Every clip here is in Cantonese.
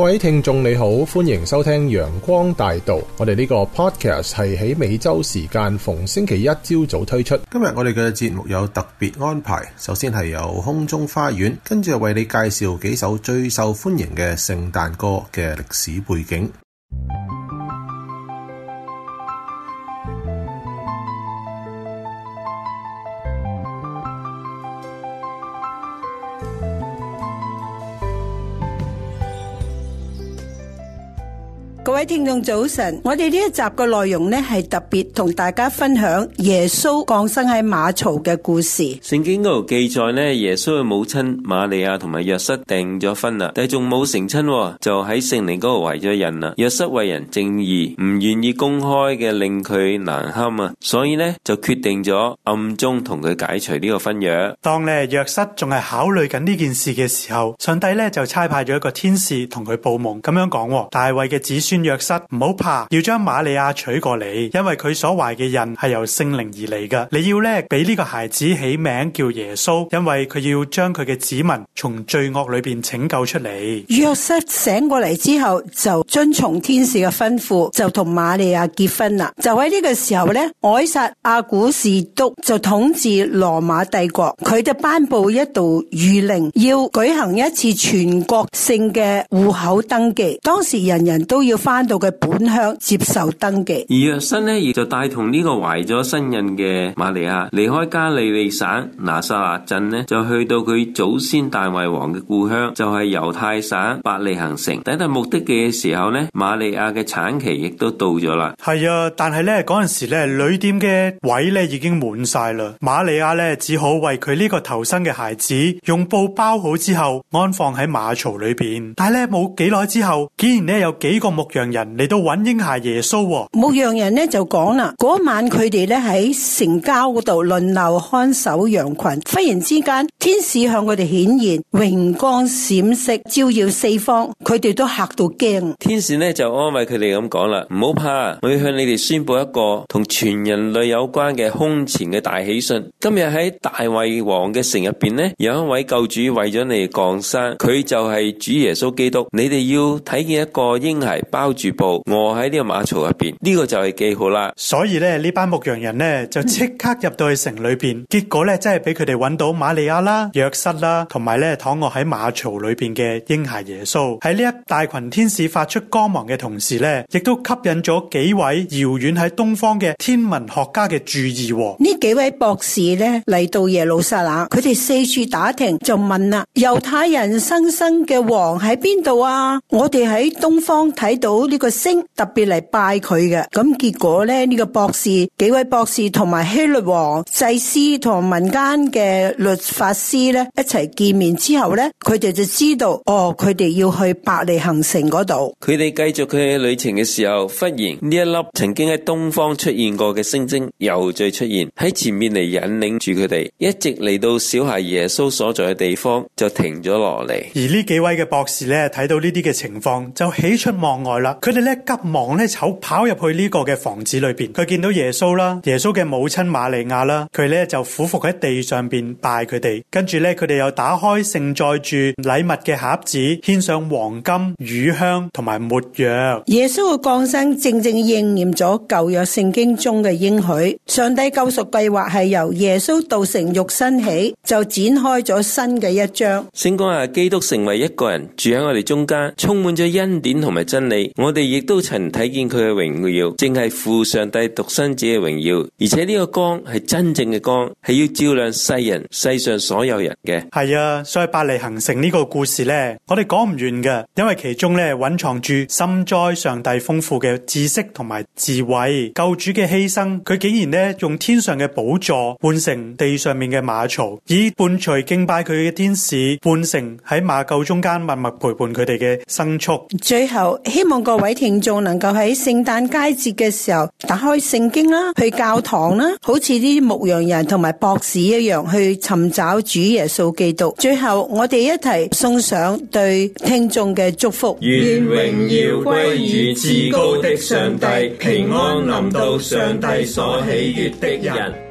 各位聽眾你好，歡迎收聽陽光大道。我哋呢個 podcast 係喺美洲時間逢星期一朝早推出。今日我哋嘅節目有特別安排，首先係由空中花園，跟住就為你介紹幾首最受歡迎嘅聖誕歌嘅歷史背景。各位聽眾早晨，我哋呢一集嘅內容咧係特別同大家分享耶穌降生喺馬槽嘅故事。聖經嗰度記載咧，耶穌嘅母親瑪利亞同埋約瑟訂咗婚啦，但係仲冇成親，就喺聖靈嗰度懷咗孕啦。約瑟為人正義，唔願意公開嘅令佢難堪啊，所以咧就決定咗暗中同佢解除呢個婚約。當你係約瑟仲係考慮緊呢件事嘅時候，上帝咧就差派咗一個天使同佢報夢，咁樣講大衛嘅子孫若。約瑟唔好怕，要將瑪利亞娶過嚟，因為佢所懷嘅人係由聖靈而嚟嘅。你要咧俾呢個孩子起名叫耶穌，因為佢要將佢嘅子民從罪惡裏邊拯救出嚟。約瑟醒過嚟之後，就遵從天使嘅吩咐，就同瑪利亞結婚啦。就喺呢個時候咧，凱撒阿古士督就統治羅馬帝國，佢就頒布一道諭令，要舉行一次全國性嘅戶口登記。當時人人都要翻。翻到嘅本鄉接受登記，而約瑟咧亦就帶同呢個懷咗身孕嘅瑪利亞離開加利利省拿撒勒鎮咧，就去到佢祖先大衛王嘅故鄉，就係猶太省伯利恒城。等到目的嘅時候咧，瑪利亞嘅產期亦都到咗啦。係啊，但係咧，嗰陣時咧旅店嘅位咧已經滿晒啦，瑪利亞咧只好為佢呢個投生嘅孩子用布包好之後安放喺馬槽裏邊。但係咧冇幾耐之後，竟然咧有幾個牧羊。人嚟到揾嬰孩耶穌，牧羊人咧就講啦，嗰晚佢哋咧喺城郊嗰度輪流看守羊群，忽然之間天使向佢哋顯現，榮光閃爍照耀四方，佢哋都吓到驚。天使咧就安慰佢哋咁講啦，唔好怕，我要向你哋宣布一個同全人類有關嘅空前嘅大喜訊。今日喺大衛王嘅城入邊咧，有一位救主為咗你哋降生，佢就係主耶穌基督。你哋要睇見一個嬰孩包住我喺呢個馬槽入邊，呢個就係幾好啦。所以咧，呢班牧羊人呢，就即刻入到去城裏邊，結果咧真係俾佢哋揾到瑪利亞啦、約瑟啦，同埋咧躺卧喺馬槽裏邊嘅嬰孩耶穌。喺呢一大群天使發出光芒嘅同時咧，亦都吸引咗幾位遙遠喺東方嘅天文學家嘅注意。呢幾位博士咧嚟到耶路撒冷，佢哋四處打聽，就問啦：猶太人新生嘅王喺邊度啊？我哋喺東方睇到。呢個星特別嚟拜佢嘅，咁結果咧呢個博士幾位博士同埋希律王祭司同民間嘅律法師咧一齊見面之後咧，佢哋就知道哦，佢哋要去伯利恆城嗰度。佢哋繼續佢旅程嘅時候，忽然呢一粒曾經喺東方出現過嘅星星又再出現喺前面嚟引領住佢哋，一直嚟到小孩耶穌所在嘅地方就停咗落嚟。而呢幾位嘅博士咧睇到呢啲嘅情況就喜出望外啦。佢哋咧急忙咧跑入去呢個嘅房子裏邊，佢見到耶穌啦，耶穌嘅母親瑪利亞啦，佢咧就俯伏喺地上邊拜佢哋，跟住咧佢哋又打開盛載住禮物嘅盒子，獻上黃金、乳香同埋沒藥。耶穌嘅降生正正應驗咗舊約聖經中嘅應許，上帝救贖計劃係由耶穌道成肉身起就展開咗新嘅一章。先講下、啊、基督成為一個人住喺我哋中間，充滿咗恩典同埋真理。我哋亦都曾睇見佢嘅榮耀，正係父上帝獨生子嘅榮耀。而且呢個光係真正嘅光，係要照亮世人，世上所有人嘅。係啊，所以伯利恆城呢個故事咧，我哋講唔完嘅，因為其中咧蘊藏住深哉上帝豐富嘅知識同埋智慧。救主嘅犧牲，佢竟然咧用天上嘅寶座換成地上面嘅馬槽，以伴隨敬拜佢嘅天使換成喺馬廄中間默默陪伴佢哋嘅牲畜。最後，希望各位聽眾能夠喺聖誕佳節嘅時候打開聖經啦，去教堂啦，好似啲牧羊人同埋博士一樣去尋找主耶穌基督。最後，我哋一齊送上對聽眾嘅祝福。願榮耀歸於至高的上帝，平安臨到上帝所喜悅的人。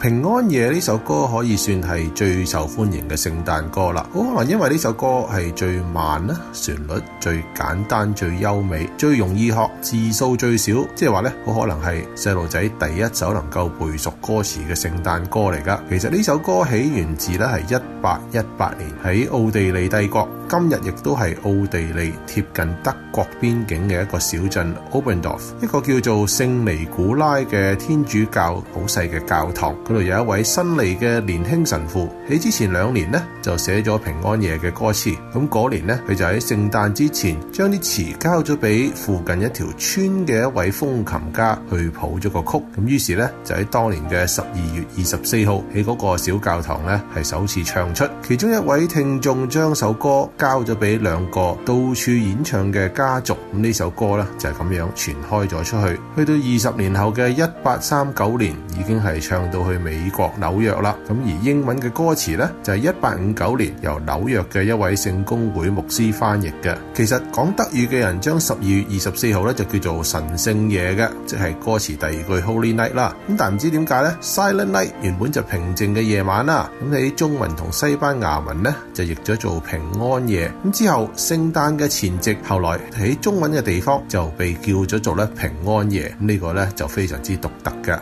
平安夜呢首歌可以算係最受歡迎嘅聖誕歌啦，好可能因為呢首歌係最慢，旋律最簡單、最優美、最容易學，字數最少，即係話呢，好可能係細路仔第一首能夠背熟歌詞嘅聖誕歌嚟噶。其實呢首歌起源自呢係一八一八年喺奧地利帝國。今日亦都係奧地利貼近德國邊境嘅一個小鎮奧本多夫一個叫做聖尼古拉嘅天主教好細嘅教堂，嗰度有一位新嚟嘅年輕神父。喺之前兩年呢就寫咗平安夜嘅歌詞。咁嗰年呢，佢就喺聖誕之前將啲詞交咗俾附近一條村嘅一位風琴家去譜咗個曲。咁於是呢，就喺當年嘅十二月二十四號喺嗰個小教堂呢，係首次唱出。其中一位聽眾將首歌，交咗俾兩個到處演唱嘅家族，咁呢首歌咧就係咁樣傳開咗出去。去到二十年後嘅一八三九年，已經係唱到去美國紐約啦。咁而英文嘅歌詞咧，就係一八五九年由紐約嘅一位聖公會牧師翻譯嘅。其實講德語嘅人將十二月二十四號咧就叫做神聖夜嘅，即係歌詞第二句 Holy Night 啦。咁但唔知點解咧，Silent Night 原本就平靜嘅夜晚啦。咁喺中文同西班牙文咧就譯咗做平安。咁之後，聖誕嘅前夕，後來喺中文嘅地方就被叫咗做咧平安夜。咁、這、呢個咧就非常之獨特嘅。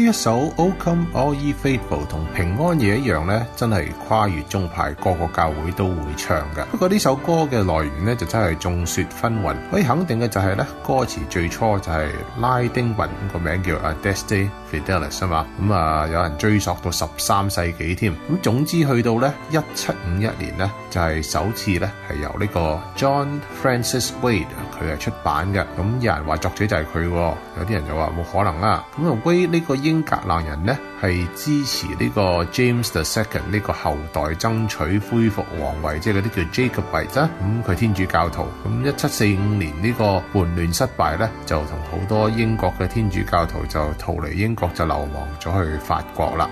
呢一首 O Come All Ye Faithful 同平安夜一樣呢，真係跨越宗派，個個教會都會唱嘅。不過呢首歌嘅來源呢，就真係眾說紛紜，可以肯定嘅就係呢歌詞最初就係拉丁文，個名叫 A Desty。Fidelis，嗯、啊嘛，咁啊有人追溯到十三世紀添，咁、嗯、總之去到咧一七五一年咧就係、是、首次咧係由呢個 John Francis Wade 佢係出版嘅，咁、嗯、有人話作者就係佢、哦，有啲人就話冇可能啦、啊，咁啊 Wade 呢個英格蘭人咧係支持呢個 James the Second 呢個後代爭取恢復皇位，即係嗰啲叫 Jacobite 啦、嗯，咁佢天主教徒，咁一七四五年呢個叛亂失敗咧就同好多英國嘅天主教徒就逃離英國。國就流亡咗去法國啦。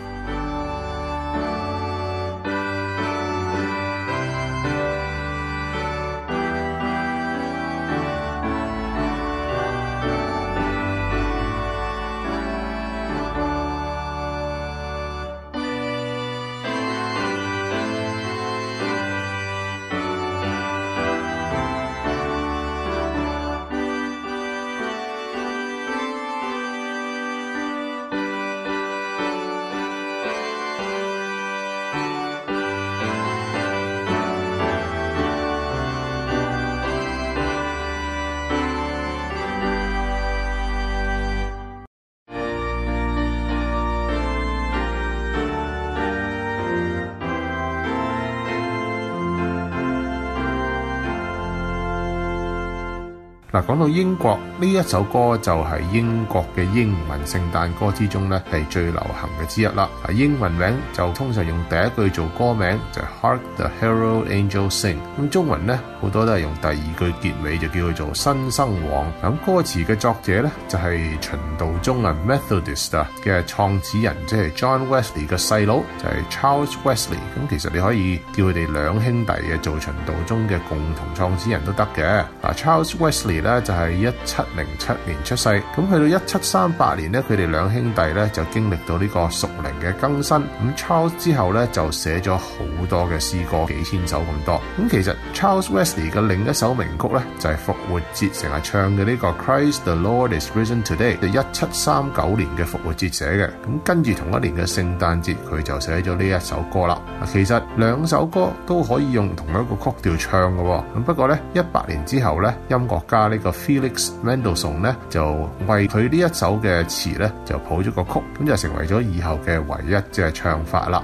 嗱，講到英國呢一首歌就係英國嘅英文聖誕歌之中咧，係最流行嘅之一啦。啊，英文名就通常用第一句做歌名，就係 Hark the Herald Angel Sing。咁中文呢，好多都係用第二句結尾，就叫佢做新生王。咁歌詞嘅作者呢，就係循道宗啊 Methodist 嘅創始人，即係 John Wesley 嘅細佬就係 Charles Wesley。咁其實你可以叫佢哋兩兄弟嘅做循道宗嘅共同創始人都得嘅。嗱，Charles Wesley 咧就係一七零七年出世，咁去到一七三八年咧，佢哋兩兄弟咧就經歷到呢個屬靈嘅更新。咁 Charles 之後咧就寫咗好多嘅詩歌，幾千首咁多。咁其實 Charles Wesley 嘅另一首名曲咧就係復活節成日唱嘅呢個《Christ the Lord is risen today》，就一七三九年嘅復活節寫嘅。咁跟住同一年嘅聖誕節，佢就寫咗呢一首歌啦。其實兩首歌都可以用同一個曲調唱嘅。咁不過咧，一百年之後咧，音樂家，呢、個 Felix Mendelssohn 咧就為佢呢一首嘅詞咧就譜咗個曲，咁就成為咗以後嘅唯一即係唱法啦。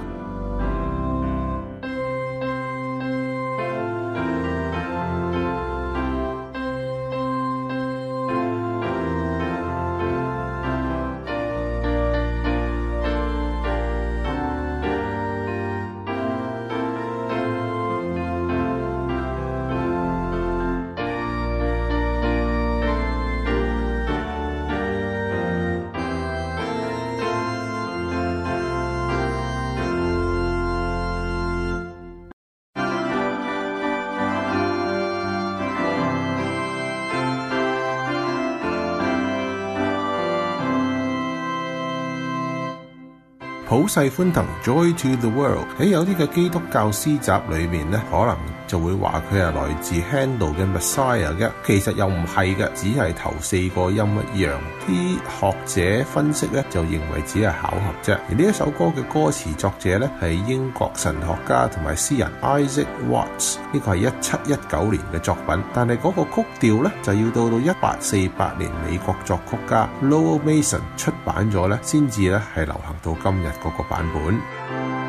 普世歡騰，Joy to the world！喺有啲嘅基督教詩集裏面咧，可能，就會話佢係來自 Handel 嘅 Messiah 嘅，其實又唔係嘅，只係頭四個音一樣。啲學者分析咧就認為只係巧合啫。而呢一首歌嘅歌詞作者咧係英國神學家同埋詩人 Isaac Watts，呢個係一七一九年嘅作品。但係嗰個曲調咧就要到到一八四八年美國作曲家 Lowell Mason 出版咗咧，先至咧係流行到今日嗰個版本。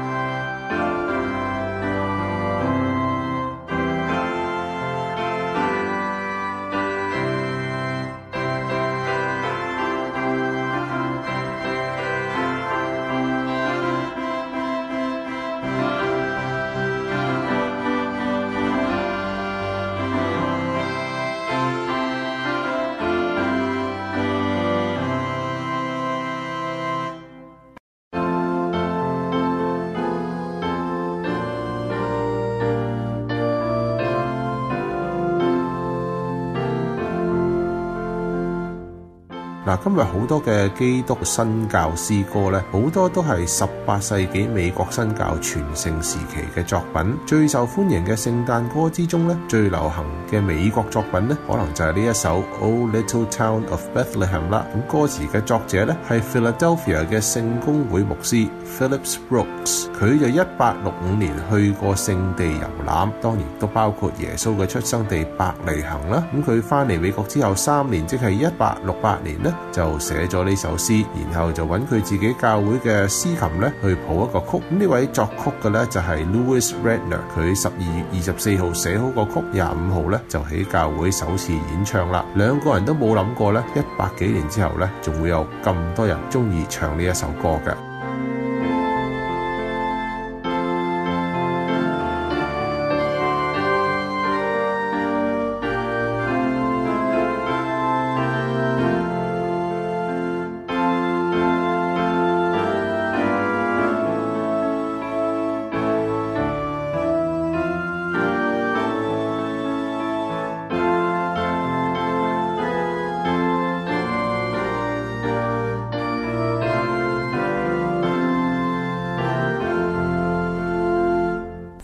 今日好多嘅基督新教詩歌咧，好多都係十八世紀美國新教全盛時期嘅作品。最受歡迎嘅聖誕歌之中咧，最流行嘅美國作品咧，可能就係呢一首《O Little Town of Bethlehem》啦。咁歌詞嘅作者咧，係 Philadelphia 嘅聖公會牧師 Phillips Brooks。佢就一八六五年去過聖地遊覽，當然都包括耶穌嘅出生地伯利恒啦。咁佢翻嚟美國之後三年，即係一八六八年咧，就寫咗呢首詩，然後就揾佢自己教會嘅詩琴咧去譜一個曲。呢位作曲嘅咧就係 Lewis Redner，佢十二月二十四號寫好個曲，廿五號咧就喺教會首次演唱啦。兩個人都冇諗過咧，一百幾年之後咧仲會有咁多人中意唱呢一首歌嘅。